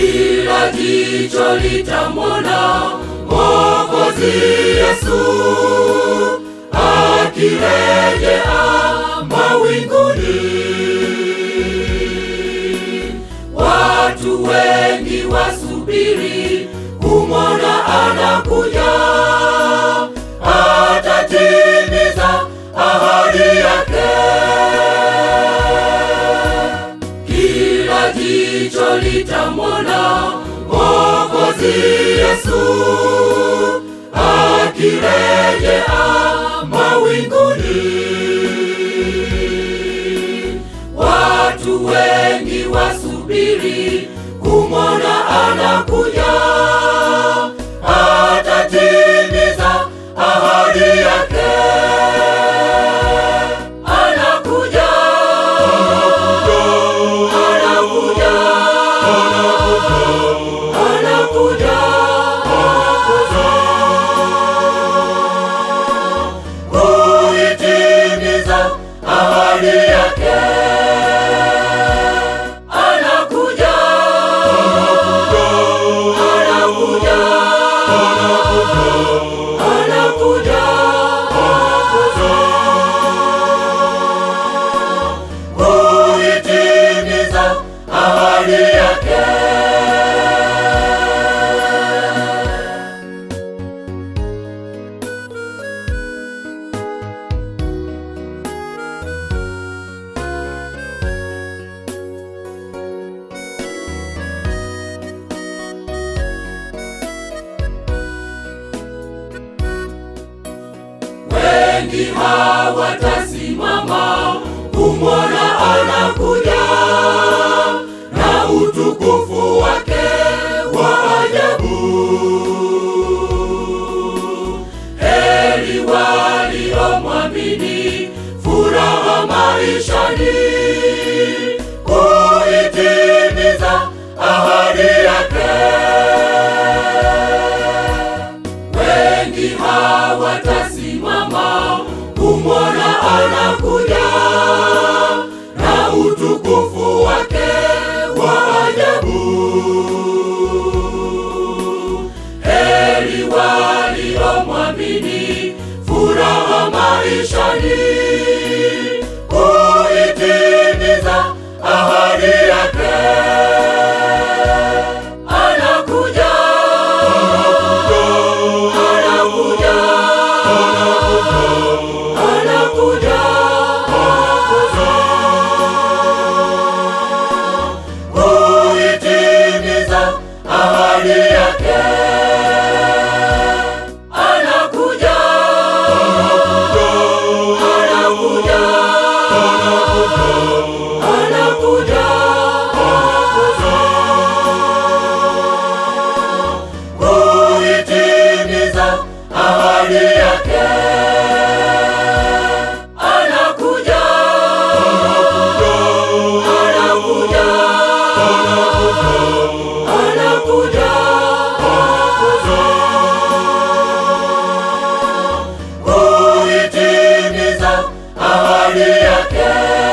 kila jicho litamwona Mwokozi Yesu akirejea mawinguni. Watu wengi wasubiri kumwona anakuja. alitamwona Mwokozi Yesu akirejea wengi hawatasimama kumwona anakuja na utukufu wake wa ajabu. Heri waliomwamini, furaha maishani, kuitimiza ahadi yake. Wengi hawatasimama be yake anakuja, anakuja, anakuja, kuitimiza ahadi yake.